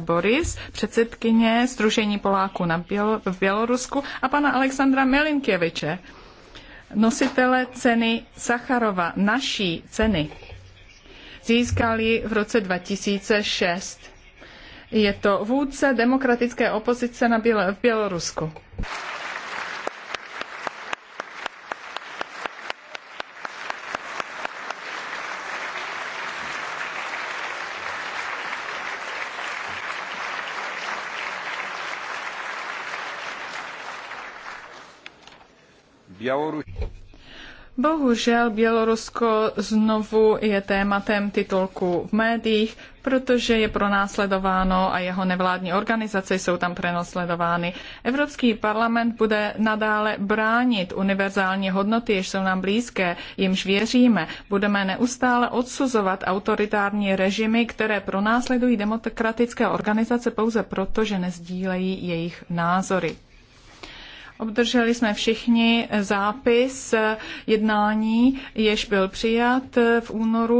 Boris, předsedkyně Združení Poláků na Bělo- v Bělorusku a pana Alexandra Melinkěviče, nositele ceny Sacharova, naší ceny, získali v roce 2006. Je to vůdce demokratické opozice na Bělo- v Bělorusku. Bohužel Bělorusko znovu je tématem titulku v médiích, protože je pronásledováno a jeho nevládní organizace jsou tam prenasledovány. Evropský parlament bude nadále bránit univerzální hodnoty, jež jsou nám blízké, jimž věříme. Budeme neustále odsuzovat autoritární režimy, které pronásledují demokratické organizace pouze proto, že nezdílejí jejich názory. Obdrželi jsme všichni zápis jednání, jež byl přijat v únoru.